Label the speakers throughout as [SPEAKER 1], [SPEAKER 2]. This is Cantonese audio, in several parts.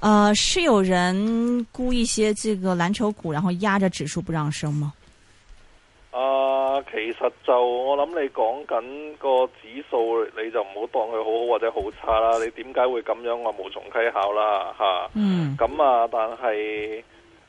[SPEAKER 1] 呃，是有人沽一些這個藍籌股，然後壓着指數不讓升嗎？
[SPEAKER 2] 啊、呃，其實就我諗你講緊個指數，你就唔好當佢好好或者好差啦。你點解會咁樣我無從稽考啦，吓、啊。嗯。咁啊、嗯，但係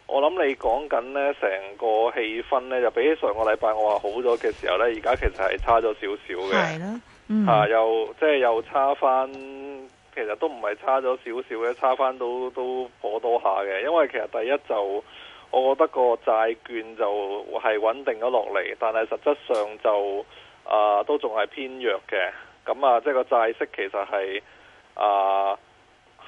[SPEAKER 2] 我諗你講緊呢成個氣氛呢，就比起上個禮拜我話好咗嘅時候呢，而家其實係差咗少少嘅。係啦。嗯。啊、又即係又差翻。其實都唔係差咗少少嘅，差翻都都頗多一下嘅。因為其實第一就，我覺得個債券就係穩定咗落嚟，但係實質上就、呃、都仲係偏弱嘅。咁啊，即、就、係、是、個債息其實係啊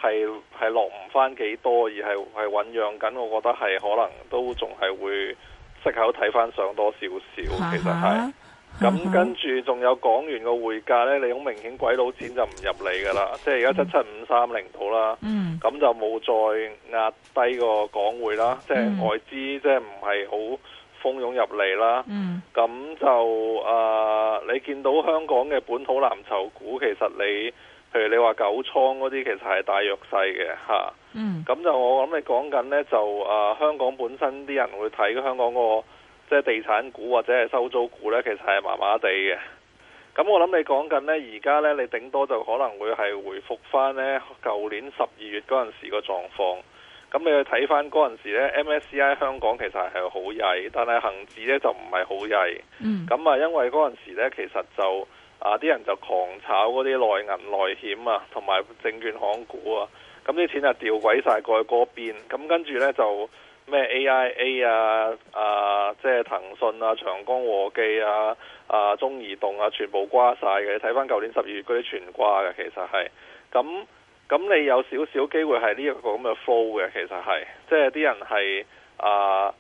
[SPEAKER 2] 係係落唔翻幾多，而係係醞釀緊。是我覺得係可能都仲係會息口睇翻上多少少，其實係。Uh huh. 咁、嗯嗯、跟住仲有港元嘅匯價呢，你好明顯鬼佬錢就唔入嚟噶啦，嗯、即係而家七七五三零到啦，咁、嗯、就冇再壓低個港匯啦，嗯、即係外資即係唔係好蜂擁入嚟啦，咁、嗯、就誒、呃、你見到香港嘅本土藍籌股，其實你譬如你話九倉嗰啲，其實係大弱勢嘅嚇，咁、啊嗯、就我諗你講緊呢，就誒、呃、香港本身啲人會睇香港、嗰個。即係地產股或者係收租股呢，其實係麻麻地嘅。咁我諗你講緊呢，而家呢，你頂多就可能會係回復翻呢舊年十二月嗰陣時個狀況。咁你去睇翻嗰陣時咧，MSCI 香港其實係好曳，但係恒指呢就唔係好曳。嗯。咁啊，因為嗰陣時咧，其實就啊啲人就狂炒嗰啲內銀內險啊，同埋證券行股啊，咁啲錢就掉鬼晒過去嗰邊。咁跟住呢，就。咩 AIA 啊，啊，即係騰訊啊，長江和記啊，啊，中移動啊，全部瓜晒嘅。你睇翻舊年十二月嗰啲全瓜嘅，其實係。咁咁你有少少機會係呢一個咁嘅 flow 嘅，其實係。即係啲人係啊，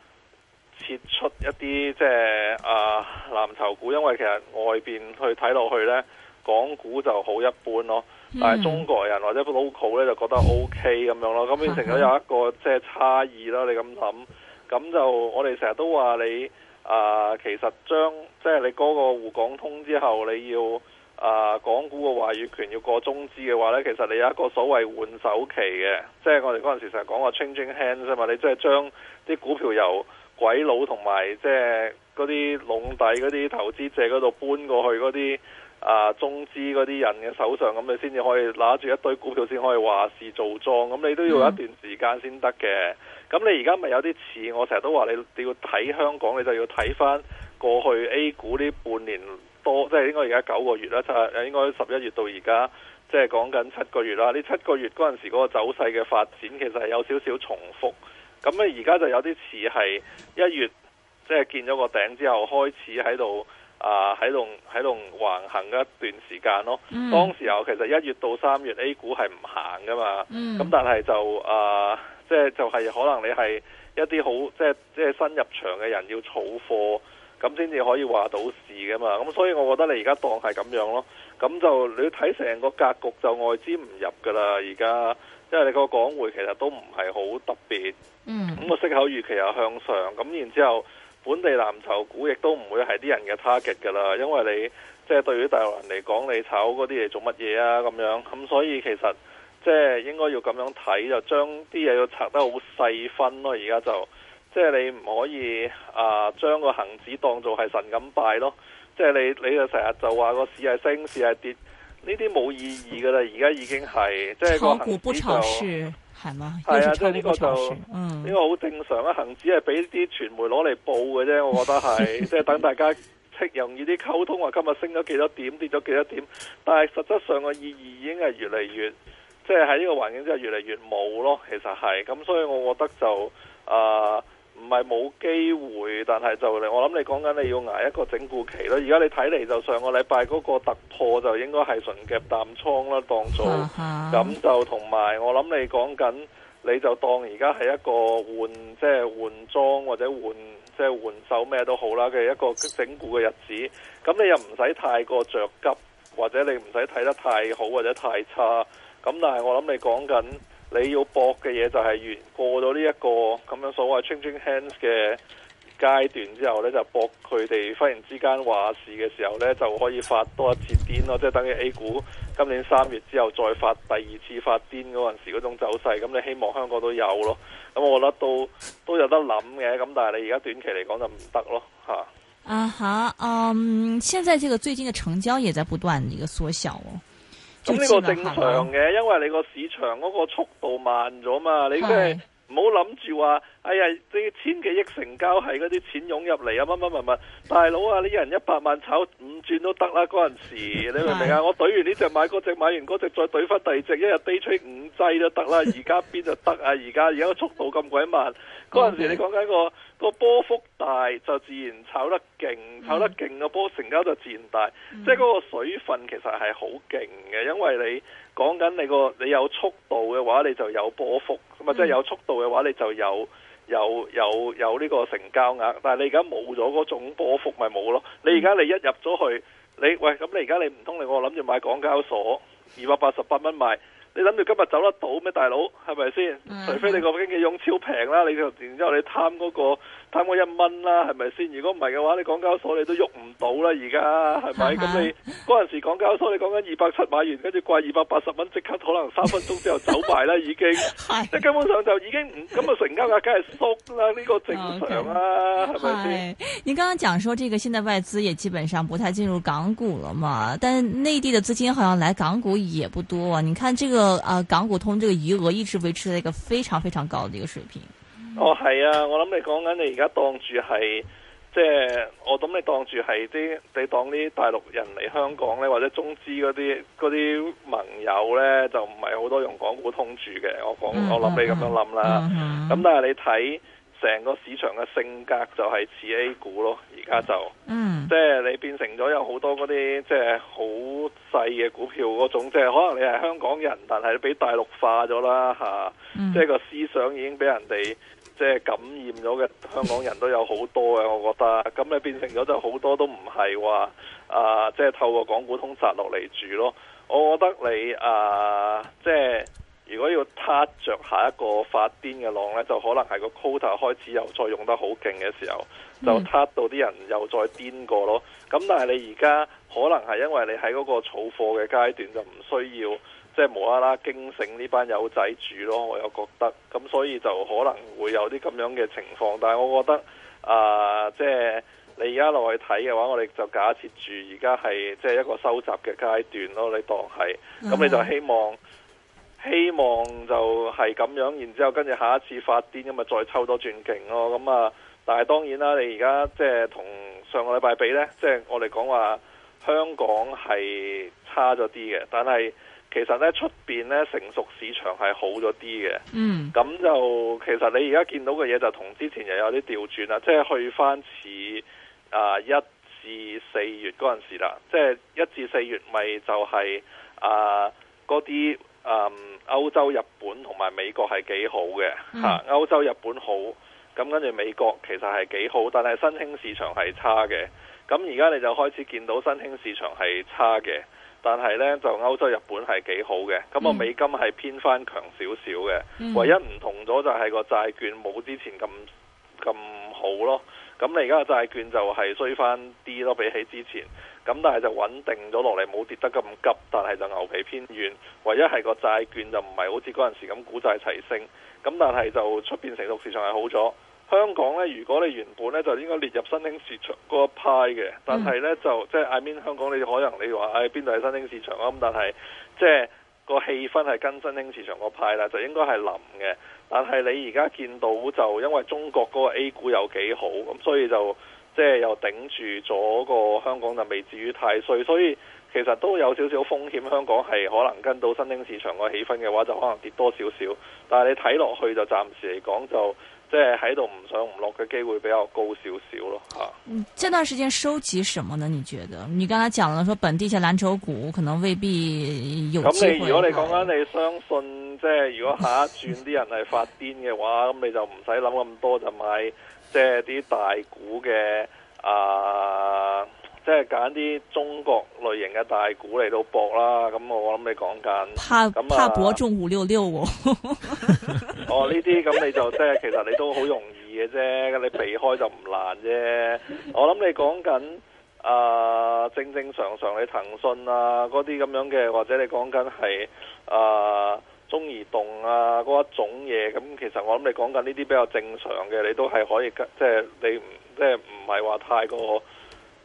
[SPEAKER 2] 撤出一啲即係啊藍籌股，因為其實外邊去睇落去呢，港股就好一般咯。嗯、但係中國人或者 local 咧，就覺得 OK 咁樣咯，咁變成咗有一個即係、就是、差異啦。你咁諗，咁就我哋成日都話你、呃、其實將即係、就是、你嗰個滬港通之後，你要啊、呃、港股嘅話語權要過中資嘅話咧，其實你有一個所謂換手期嘅，即、就、係、是、我哋嗰陣時成日講話 changing hands 啊嘛，你即係將啲股票由鬼佬同埋即係嗰啲籠底嗰啲投資者嗰度搬過去嗰啲。啊，中資嗰啲人嘅手上咁，那你先至可以攞住一堆股票先可以話事做莊，咁你都要有一段時間先得嘅。咁你而家咪有啲似我成日都話，你你要睇香港，你就要睇翻過去 A 股呢半年多，即係應該而家九個月啦，即係應該十一月到而家，即係講緊七個月啦。呢七個月嗰陣時嗰個走勢嘅發展其實係有少少重複，咁你而家就有啲似係一月即係見咗個頂之後開始喺度。啊，喺度喺度橫行一段時間咯。嗯、當時候其實一月到三月 A 股係唔行㗎嘛。咁、嗯、但係就啊，即係就係、是、可能你係一啲好即係即係新入場嘅人要儲貨，咁先至可以話到事㗎嘛。咁所以我覺得你而家當係咁樣咯。咁就你要睇成個格局，就外資唔入㗎啦。而家因為你個港匯其實都唔係好特別。咁、嗯、個息口預期又向上。咁然之後。本地藍籌股亦都唔會係啲人嘅 target 㗎啦，因為你即係、就是、對於大陸人嚟講，你炒嗰啲嘢做乜嘢啊咁樣，咁所以其實即係應該要咁樣睇，就將啲嘢要拆得好細分咯。而家就即係、就是、你唔可以啊，將、呃、個恒指當做係神咁拜咯。即、就、係、是、你你就成日就話個市係升市係跌，呢啲冇意義㗎啦。而家已經係即係個恆指就。
[SPEAKER 3] 係啊，即係呢個就，嗯，
[SPEAKER 2] 呢個好正常啊。恒指係俾啲傳媒攞嚟報嘅啫，我覺得係，即係等大家容易啲溝通，話今日升咗幾多點，跌咗幾多點。但係實質上嘅意義已經係越嚟越，即係喺呢個環境之下越嚟越冇咯。其實係，咁所以我覺得就啊。呃唔係冇機會，但係就嚟。我諗你講緊你要挨一個整固期咯。而家你睇嚟就上個禮拜嗰個突破就應該係純夾淡倉啦，當做咁、uh huh. 就同埋我諗你講緊，你就當而家係一個換即係換裝或者換即係換手咩都好啦嘅一個整固嘅日子。咁你又唔使太過着急，或者你唔使睇得太好或者太差。咁但係我諗你講緊。你要搏嘅嘢就係越過咗呢一個咁樣所謂 changing hands 嘅階段之後呢，就搏佢哋忽然之間話事嘅時候呢，就可以發多一次癲咯，即係等於 A 股今年三月之後再發第二次發癲嗰陣時嗰種走勢，咁你希望香港都有咯，咁我覺得都都有得諗嘅，咁但係你而家短期嚟講就唔得咯，吓、uh。
[SPEAKER 1] 啊吓，嗯，現在這個最近嘅成交也在不斷一個縮小哦。
[SPEAKER 3] 咁呢個正常嘅，
[SPEAKER 2] 因為你個市場嗰個速度慢咗嘛，你即係唔好諗住話。哎呀，你千幾億成交係嗰啲錢湧入嚟啊！乜乜乜乜，大佬啊，你一人一百萬炒五轉都得啦！嗰陣時你明唔明啊？ 我懟完呢隻買嗰隻，買完嗰隻再懟翻第二隻，一日低吹五劑都得啦！而家邊就得啊？而家而家速度咁鬼慢，嗰陣 時你講緊、嗰個、嗰個波幅大，就自然炒得勁，炒得勁個波成交就自然大，即係嗰個水分其實係好勁嘅，因為你講緊你個你有速度嘅話，你就有波幅，咁啊即係有速度嘅話，你就有。有有有呢個成交額，但係你而家冇咗嗰種波幅，咪冇咯。你而家你一入咗去，你喂咁，你而家你唔通你我諗住買港交所二百八十八蚊買？你諗住今日走得到咩，大佬係咪先？嗯、除非你個經紀用超平啦，你又然之後你貪嗰、那個貪嗰一蚊啦，係咪先？如果唔係嘅話，你港交所你都喐唔到啦，而家係咪？咁是你嗰陣是時港交所你講緊二百七買完，跟住掛二百八十蚊，即刻可能三分鐘之後走埋啦， 已經係即是根本上就已經唔咁嘅成交價梗係縮啦，呢、這個正常啦，係咪先？
[SPEAKER 1] 你剛剛講說這個，現在外資也基本上不太進入港股了嘛，但內內地嘅資金好像來港股也不多，你看這個啊、呃，港股通這個餘額一直維持在一個非常非常高的一個
[SPEAKER 2] 水平。哦，係啊，我諗你講緊你而家當住係，即係我諗你當住係啲你當啲大陸人嚟香港咧，或者中資嗰啲嗰啲盟友咧，就唔係好多用港股通住嘅。我講、嗯、哼我諗你咁樣諗啦，咁但係你睇。成個市場嘅性格就係似 A 股咯，而家就，mm. 即係你變成咗有好多嗰啲即係好細嘅股票嗰種，即係可能你係香港人，但係你俾大陸化咗啦嚇，啊 mm. 即係個思想已經俾人哋即係感染咗嘅香港人都有好多嘅，我覺得。咁你變成咗就好多都唔係話啊，即係透過港股通殺落嚟住咯。我覺得你啊，即係。如果要撻着下一個發癲嘅浪呢，就可能係個 quota 開始又再用得好勁嘅時候，就撻到啲人又再癲過咯。咁但係你而家可能係因為你喺嗰個儲貨嘅階段，就唔需要即係、就是、無啦啦驚醒呢班友仔住咯。我又覺得咁，所以就可能會有啲咁樣嘅情況。但係我覺得啊，即、呃、係、就是、你而家落去睇嘅話，我哋就假設住而家係即係一個收集嘅階段咯。你當係咁，那你就希望。希望就係咁樣，然之後跟住下一次發癲咁咪再抽多轉勁咯。咁啊，但係當然啦，你而家即係同上個禮拜比呢，即係我哋講話香港係差咗啲嘅。但係其實呢，出面呢成熟市場係好咗啲嘅。嗯，咁就其實你而家見到嘅嘢就同之前又有啲調轉啦，即係去翻似啊一至四月嗰陣時啦，即係一至四月咪就係啊嗰啲嗯。歐洲、日本同埋美國係幾好嘅吓，mm. 歐洲、日本好，咁跟住美國其實係幾好，但係新興市場係差嘅。咁而家你就開始見到新興市場係差嘅，但係呢就歐洲、日本係幾好嘅。咁個美金係偏翻強少少嘅，mm. 唯一唔同咗就係個債券冇之前咁。咁好咯，咁你而家嘅債券就係衰翻啲咯，比起之前，咁但係就穩定咗落嚟，冇跌得咁急，但係就牛皮偏軟，唯一係個債券就唔係好似嗰陣時咁股債齊升，咁但係就出面成熟市場係好咗。香港呢，如果你原本呢，就應該列入新興市場嗰一派嘅，但係呢，就即係、mm. I mean，香港你可能你話唉邊度係新興市場啊，咁但係即係個氣氛係跟新興市場嗰派啦，就應該係臨嘅。但係你而家見到就因為中國嗰個 A 股又幾好，咁所以就即係、就是、又頂住咗個香港就未至於太衰，所以其實都有少少風險。香港係可能跟到新興市場個氣氛嘅話，就可能跌多少少。但係你睇落去就暫時嚟講就。即係喺度唔上唔落嘅機會比較高少少咯
[SPEAKER 1] 吓。嗯，呢段時間收集什麼呢？你覺得？你剛才講啦，說本地嘅藍籌股可能未必有機會。咁你如果你講緊
[SPEAKER 2] 你相信，即係 如果下一轉啲人係發癲嘅話，咁你就唔使諗咁多，就買即係啲大股嘅啊。呃即係揀啲中國類型嘅大股嚟到搏啦，咁我諗你講緊，怕、啊、怕博
[SPEAKER 1] 中五六六喎。
[SPEAKER 2] 哦，呢啲咁你就即係其實你都好容易嘅啫，你避開就唔難啫。我諗你講緊，啊、呃、正正常常你騰訊啊嗰啲咁樣嘅，或者你講緊係啊中移動啊嗰一種嘢，咁其實我諗你講緊呢啲比較正常嘅，你都係可以即係你唔即係唔係話太過。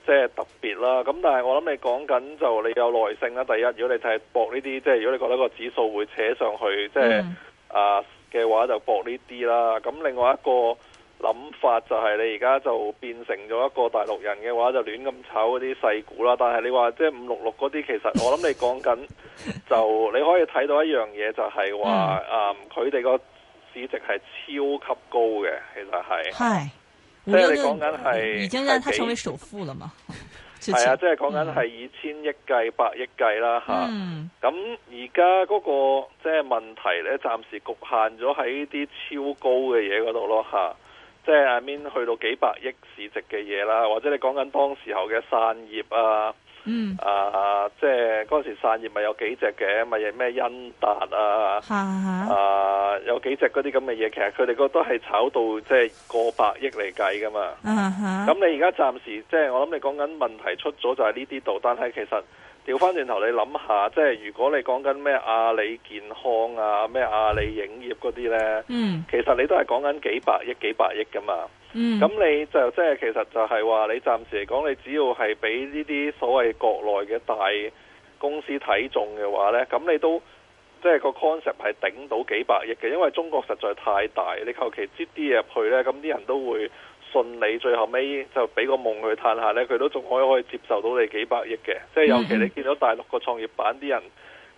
[SPEAKER 2] 即係特別啦，咁但係我諗你講緊就你有耐性啦。第一，如果你睇搏呢啲，即係如果你覺得個指數會扯上去，即係啊嘅話就搏呢啲啦。咁另外一個諗法就係你而家就變成咗一個大陸人嘅話，就亂咁炒啲細股啦。但係你話即係五六六嗰啲，其實我諗你講緊就你可以睇到一樣嘢，就係話啊，佢哋個市值係超級高嘅，其實係。
[SPEAKER 1] 即係你講緊係，已經讓佢成為首富了嘛？
[SPEAKER 2] 係啊的，嗯、即係講緊係以千億計、百億計啦吓。咁而家嗰個即係問題咧，暫時局限咗喺啲超高嘅嘢嗰度咯吓。即係下面去到幾百億市值嘅嘢啦，或者你講緊當時候嘅散業啊。嗯，啊，即係嗰時散業咪有幾隻嘅，咪嘢咩恩達啊，啊，有幾隻嗰啲咁嘅嘢，其實佢哋都係炒到即係過百億嚟計噶嘛。咁你而家暫時即係我諗你講緊問題出咗就係呢啲度，但係其實調翻轉頭你諗下，即係如果你講緊咩阿里健康啊，咩阿里影業嗰啲呢，嗯、其實你都係講緊幾百億、幾百億噶嘛。咁、嗯、你就即係其實就係話你暫時嚟講，你只要係俾呢啲所謂國內嘅大公司睇中嘅話呢，咁你都即係、就是、個 concept 係頂到幾百億嘅，因為中國實在太大，你求其接啲嘢入去呢，咁啲人都會信你，最後尾就俾個夢去嘆下呢，佢都仲可以可以接受到你幾百億嘅，即係尤其你見到大陸個創業板啲人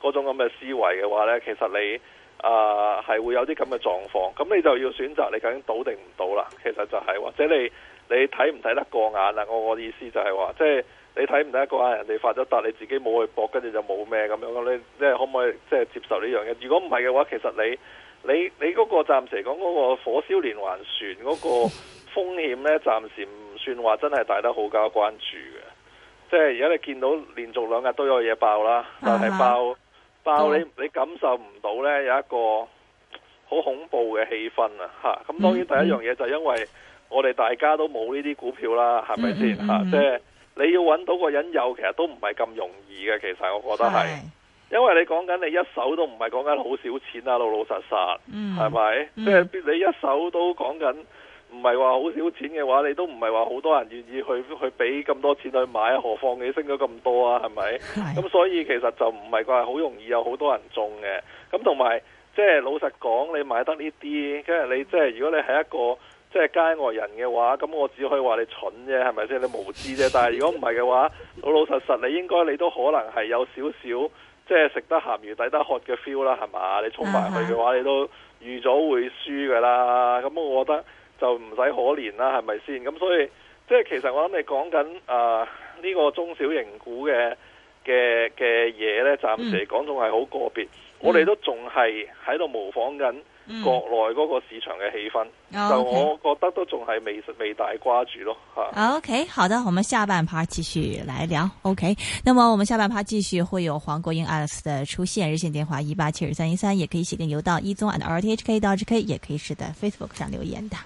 [SPEAKER 2] 嗰種咁嘅思維嘅話呢，其實你。啊，係會有啲咁嘅狀況，咁你就要選擇你究竟倒定唔倒啦。其實就係或者你你睇唔睇得過眼啦、啊、我我意思就係、是、話，即係你睇唔睇得過眼？人哋發咗達，你自己冇去搏，跟住就冇咩咁樣你即係可唔可以即係接受呢樣嘢？如果唔係嘅話，其實你你你嗰個暫時嚟講嗰個火燒連環船嗰個風險呢，暫時唔算話真係大得好加關注嘅。即係而家你見到連續兩日都有嘢爆啦，但係爆。 但你，oh. 你感受唔到呢，有一個好恐怖嘅氣氛啊！吓咁、mm，hmm. 當然第一樣嘢就係因為我哋大家都冇呢啲股票啦，係咪先吓？即、hmm. 係、啊就係、你要揾到個引誘，其實都唔係咁容易嘅。其實我覺得係，是的因為你講緊你一手都唔係講緊好少錢啊，老老實實，係咪？即係你一手都講緊。唔係話好少錢嘅話，你都唔係話好多人願意去去俾咁多錢去買，何況你升咗咁多啊？係咪？咁、 嗯、所以其實就唔係話好容易有好多人中嘅。咁同埋即係老實講，你買得呢啲，即係你即係、就是、如果你係一個即係、就是、街外人嘅話，咁我只可以話你蠢啫，係咪先？即係？你無知啫。但係如果唔係嘅話，老 老實實，你應該你都可能係有少少即係食得鹹魚抵得渴嘅 feel 啦，係咪？你衝埋去嘅話， 你都預早會輸噶啦。咁、嗯、我覺得。就唔使可憐啦，係咪先？咁所以即係其實我諗你講緊啊呢個中小型股嘅嘅嘅嘢咧，暫時嚟講仲係好個別。嗯、我哋都仲係喺度模仿緊國內嗰個市場嘅氣氛，嗯、就我覺得都仲係未未大掛住咯嚇、哦 okay 哦。
[SPEAKER 1] OK，好的，我們下半 part 繼續來聊。OK，那麼我們下半 part 繼續會有黃國英 Alex 的出現。熱線電話一八七二三一三，也可以寫電郵到一綜 and r t h k dot h k，也可以是在 Facebook 上留言的。